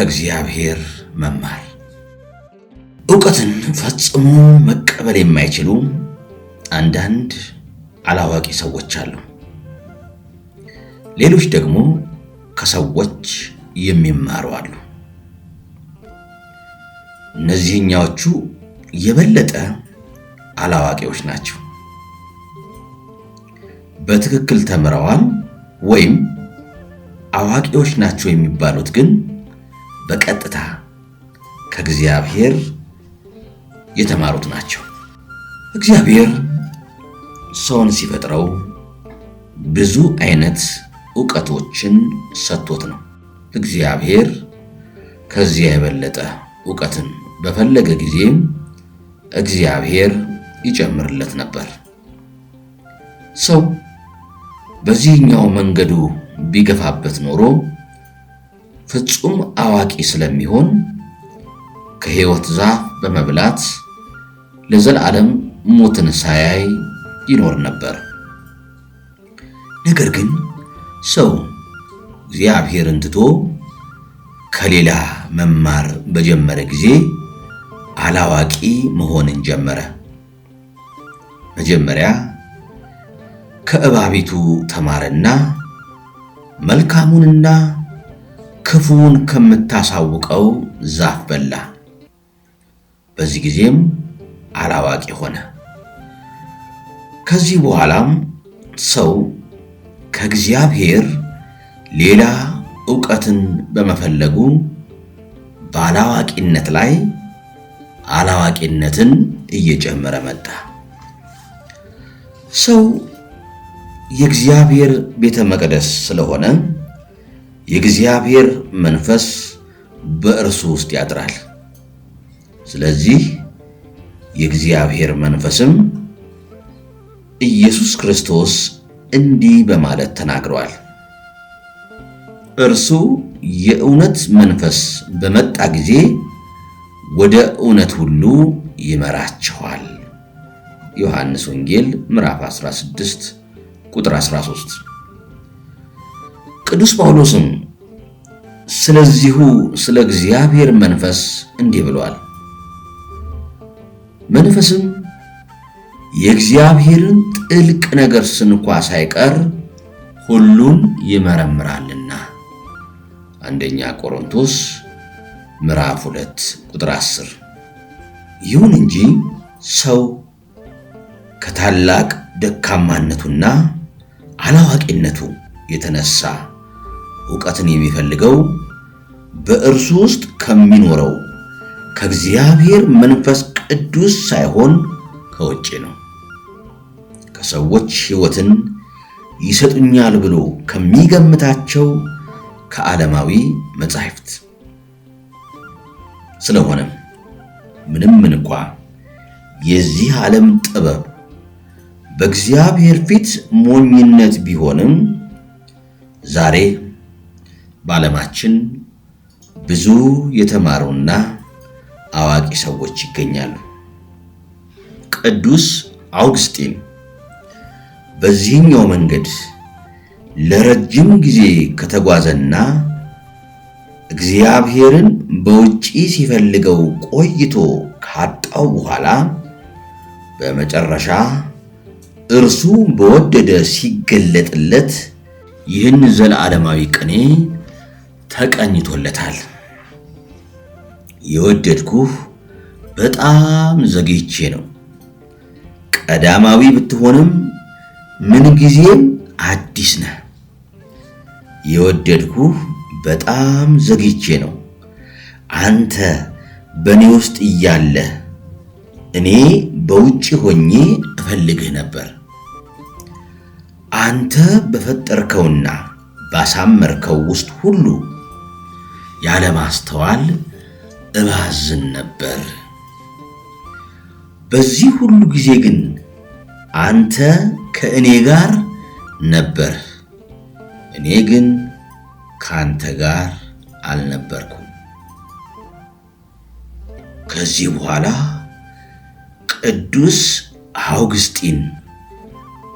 ከእግዚአብሔር መማር እውቀትን ፈጽሞ መቀበል የማይችሉ አንዳንድ አላዋቂ ሰዎች አሉ። ሌሎች ደግሞ ከሰዎች የሚማሩ አሉ። እነዚህኛዎቹ የበለጠ አላዋቂዎች ናቸው። በትክክል ተምረዋል ወይም አዋቂዎች ናቸው የሚባሉት ግን በቀጥታ ከእግዚአብሔር የተማሩት ናቸው። እግዚአብሔር ሰውን ሲፈጥረው ብዙ አይነት እውቀቶችን ሰጥቶት ነው። እግዚአብሔር ከዚያ የበለጠ እውቀትን በፈለገ ጊዜ እግዚአብሔር ይጨምርለት ነበር። ሰው በዚህኛው መንገዱ ቢገፋበት ኖሮ ፍጹም አዋቂ ስለሚሆን ከሕይወት ዛፍ በመብላት ለዘላለም ሞትን ሳያይ ይኖር ነበር። ነገር ግን ሰው እግዚአብሔርን ትቶ ከሌላ መማር በጀመረ ጊዜ አላዋቂ መሆንን ጀመረ። መጀመሪያ ከእባቢቱ ተማረና መልካሙንና ክፉውን ከምታሳውቀው ዛፍ በላ። በዚህ ጊዜም አላዋቂ ሆነ። ከዚህ በኋላም ሰው ከእግዚአብሔር ሌላ ዕውቀትን በመፈለጉ ባላዋቂነት ላይ አላዋቂነትን እየጨመረ መጣ። ሰው የእግዚአብሔር ቤተ መቅደስ ስለሆነ የእግዚአብሔር መንፈስ በእርሱ ውስጥ ያድራል። ስለዚህ የእግዚአብሔር መንፈስም ኢየሱስ ክርስቶስ እንዲህ በማለት ተናግሯል። እርሱ የእውነት መንፈስ በመጣ ጊዜ ወደ እውነት ሁሉ ይመራችኋል። ዮሐንስ ወንጌል ምዕራፍ 16 ቁጥር 13 ቅዱስ ጳውሎስም ስለዚሁ ስለ እግዚአብሔር መንፈስ እንዲህ ብሏል። መንፈስም የእግዚአብሔርን ጥልቅ ነገር ስንኳ ሳይቀር ሁሉን ይመረምራልና አንደኛ ቆሮንቶስ ምዕራፍ 2 ቁጥር 10። ይሁን እንጂ ሰው ከታላቅ ደካማነቱና አላዋቂነቱ የተነሳ እውቀትን የሚፈልገው በእርሱ ውስጥ ከሚኖረው ከእግዚአብሔር መንፈስ ቅዱስ ሳይሆን ከውጭ ነው። ከሰዎች ሕይወትን ይሰጡኛል ብሎ ከሚገምታቸው ከዓለማዊ መጻሕፍት። ስለሆነም ምንም እንኳ የዚህ ዓለም ጥበብ በእግዚአብሔር ፊት ሞኝነት ቢሆንም ዛሬ በዓለማችን ብዙ የተማሩና አዋቂ ሰዎች ይገኛሉ። ቅዱስ አውግስጢን በዚህኛው መንገድ ለረጅም ጊዜ ከተጓዘና እግዚአብሔርን በውጪ ሲፈልገው ቆይቶ ካጣው በኋላ በመጨረሻ እርሱ በወደደ ሲገለጥለት ይህን ዘለዓለማዊ ቅኔ ተቀኝቶለታል። የወደድኩህ በጣም ዘግይቼ ነው። ቀዳማዊ ብትሆንም ምንጊዜም አዲስ ነህ። የወደድኩህ በጣም ዘግይቼ ነው። አንተ በእኔ ውስጥ እያለህ እኔ በውጭ ሆኜ እፈልግህ ነበር። አንተ በፈጠርከውና ባሳመርከው ውስጥ ሁሉ ያለማስተዋል እባዝን ነበር። በዚህ ሁሉ ጊዜ ግን አንተ ከእኔ ጋር ነበር፣ እኔ ግን ከአንተ ጋር አልነበርኩም። ከዚህ በኋላ ቅዱስ አውግስጢን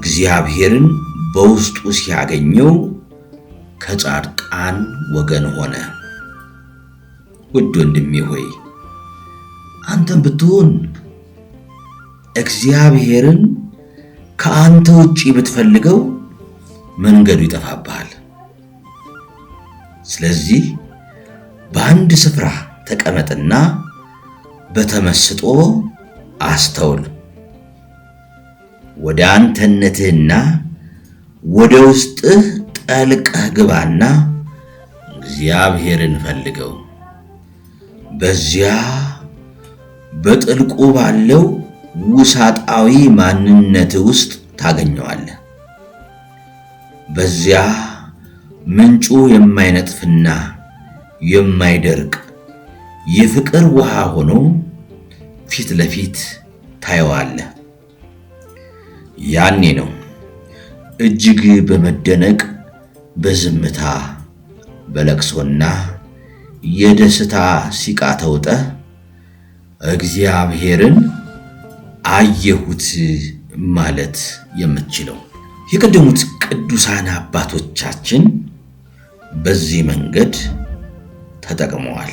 እግዚአብሔርን በውስጡ ሲያገኘው ከጻድቃን ወገን ሆነ። ውድ ወንድሜ ሆይ አንተን ብትሆን እግዚአብሔርን ከአንተ ውጪ ብትፈልገው መንገዱ ይጠፋብሃል። ስለዚህ በአንድ ስፍራ ተቀመጥና በተመስጦ አስተውል። ወደ አንተነትህና ወደ ውስጥህ ጠልቀህ ግባና እግዚአብሔርን ፈልገው። በዚያ በጥልቁ ባለው ውሳጣዊ ማንነት ውስጥ ታገኘዋለህ። በዚያ ምንጩ የማይነጥፍና የማይደርቅ የፍቅር ውሃ ሆኖ ፊት ለፊት ታየዋለህ። ያኔ ነው እጅግ በመደነቅ በዝምታ በለቅሶና የደስታ ሲቃ ተውጠ እግዚአብሔርን አየሁት ማለት የምትችለው። የቀደሙት ቅዱሳን አባቶቻችን በዚህ መንገድ ተጠቅመዋል።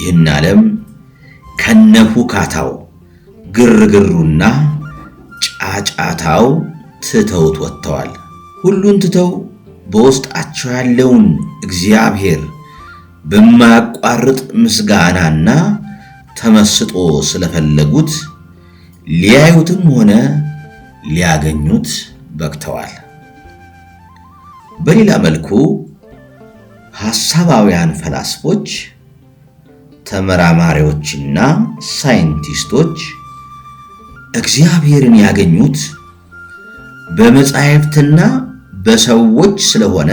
ይህን ዓለም ከነፉካታው ግርግሩና ጫጫታው ትተውት ወጥተዋል። ሁሉን ትተው በውስጣቸው ያለውን እግዚአብሔር በማያቋርጥ ምስጋናና ተመስጦ ስለፈለጉት ሊያዩትም ሆነ ሊያገኙት በቅተዋል። በሌላ መልኩ ሐሳባውያን ፈላስፎች፣ ተመራማሪዎችና ሳይንቲስቶች እግዚአብሔርን ያገኙት በመጻሕፍትና በሰዎች ስለሆነ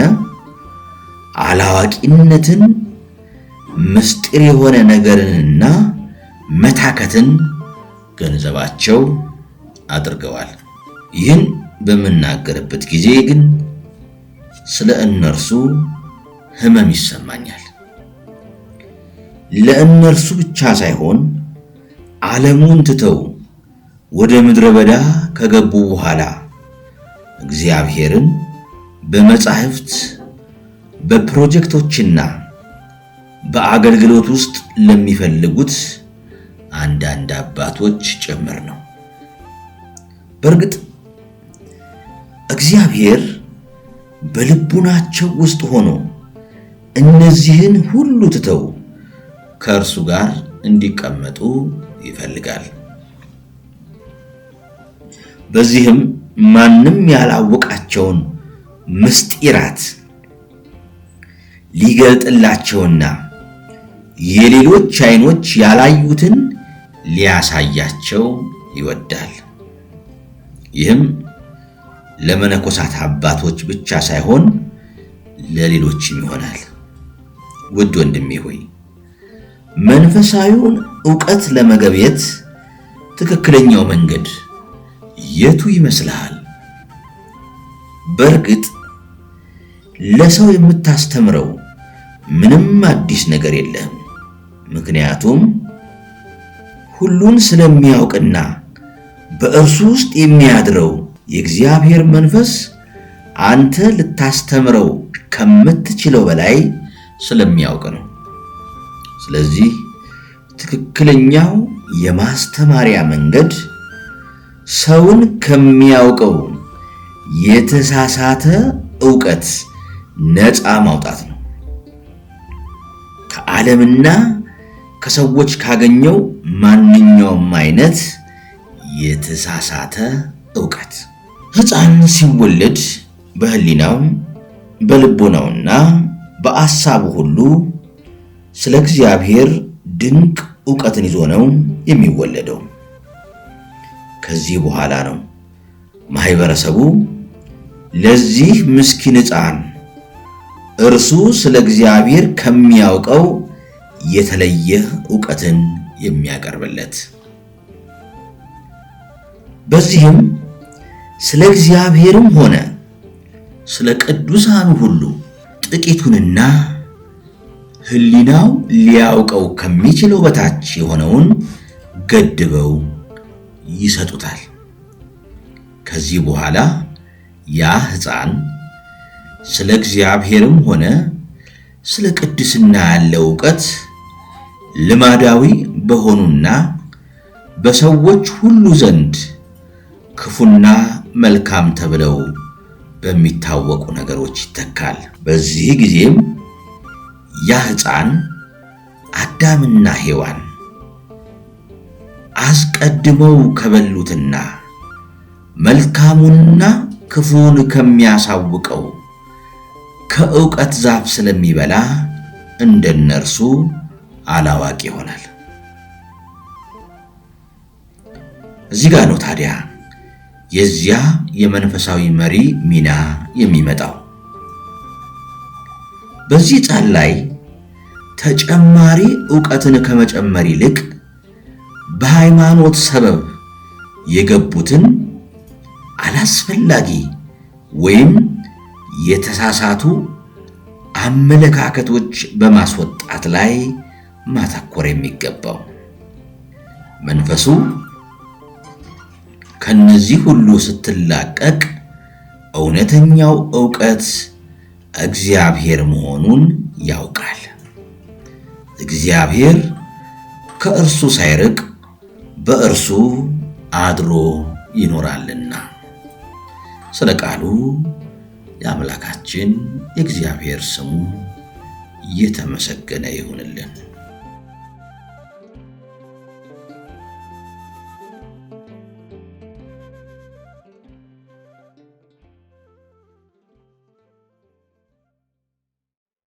አላዋቂነትን ምስጢር የሆነ ነገርንና መታከትን ገንዘባቸው አድርገዋል። ይህን በምናገርበት ጊዜ ግን ስለ እነርሱ ህመም ይሰማኛል። ለእነርሱ ብቻ ሳይሆን ዓለሙን ትተው ወደ ምድረ በዳ ከገቡ በኋላ እግዚአብሔርን በመጻሕፍት በፕሮጀክቶችና በአገልግሎት ውስጥ ለሚፈልጉት አንዳንድ አባቶች ጭምር ነው። በእርግጥ እግዚአብሔር በልቡናቸው ውስጥ ሆኖ እነዚህን ሁሉ ትተው ከእርሱ ጋር እንዲቀመጡ ይፈልጋል። በዚህም ማንም ያላወቃቸውን ምስጢራት ሊገልጥላቸውና የሌሎች አይኖች ያላዩትን ሊያሳያቸው ይወዳል። ይህም ለመነኮሳት አባቶች ብቻ ሳይሆን ለሌሎችም ይሆናል። ውድ ወንድሜ ሆይ መንፈሳዊውን ዕውቀት ለመገብየት ትክክለኛው መንገድ የቱ ይመስልሃል? በእርግጥ ለሰው የምታስተምረው ምንም አዲስ ነገር የለህም። ምክንያቱም ሁሉን ስለሚያውቅና በእርሱ ውስጥ የሚያድረው የእግዚአብሔር መንፈስ አንተ ልታስተምረው ከምትችለው በላይ ስለሚያውቅ ነው። ስለዚህ ትክክለኛው የማስተማሪያ መንገድ ሰውን ከሚያውቀው የተሳሳተ ዕውቀት ነፃ ማውጣት ነው። ከዓለምና ከሰዎች ካገኘው ማንኛውም አይነት የተሳሳተ እውቀት ሕፃን ሲወለድ በህሊናው በልቦናውና በአሳቡ ሁሉ ስለ እግዚአብሔር ድንቅ እውቀትን ይዞ ነው የሚወለደው። ከዚህ በኋላ ነው ማህበረሰቡ ለዚህ ምስኪን ሕፃን እርሱ ስለ እግዚአብሔር ከሚያውቀው የተለየ እውቀትን የሚያቀርብለት በዚህም ስለ እግዚአብሔርም ሆነ ስለ ቅዱሳኑ ሁሉ ጥቂቱንና ሕሊናው ሊያውቀው ከሚችለው በታች የሆነውን ገድበው ይሰጡታል። ከዚህ በኋላ ያ ሕፃን ስለ እግዚአብሔርም ሆነ ስለ ቅድስና ያለው እውቀት ልማዳዊ በሆኑና በሰዎች ሁሉ ዘንድ ክፉና መልካም ተብለው በሚታወቁ ነገሮች ይተካል። በዚህ ጊዜም ያ ሕፃን አዳምና ሔዋን አስቀድመው ከበሉትና መልካሙንና ክፉውን ከሚያሳውቀው ከእውቀት ዛፍ ስለሚበላ እንደነርሱ አላዋቂ ይሆናል። እዚህ ጋር ነው ታዲያ የዚያ የመንፈሳዊ መሪ ሚና የሚመጣው። በዚህ ጻል ላይ ተጨማሪ ዕውቀትን ከመጨመር ይልቅ በሃይማኖት ሰበብ የገቡትን አላስፈላጊ ወይም የተሳሳቱ አመለካከቶች በማስወጣት ላይ ማተኮር የሚገባው። መንፈሱ ከነዚህ ሁሉ ስትላቀቅ እውነተኛው ዕውቀት እግዚአብሔር መሆኑን ያውቃል። እግዚአብሔር ከእርሱ ሳይርቅ በእርሱ አድሮ ይኖራልና። ስለ ቃሉ የአምላካችን የእግዚአብሔር ስሙ የተመሰገነ ይሁንልን።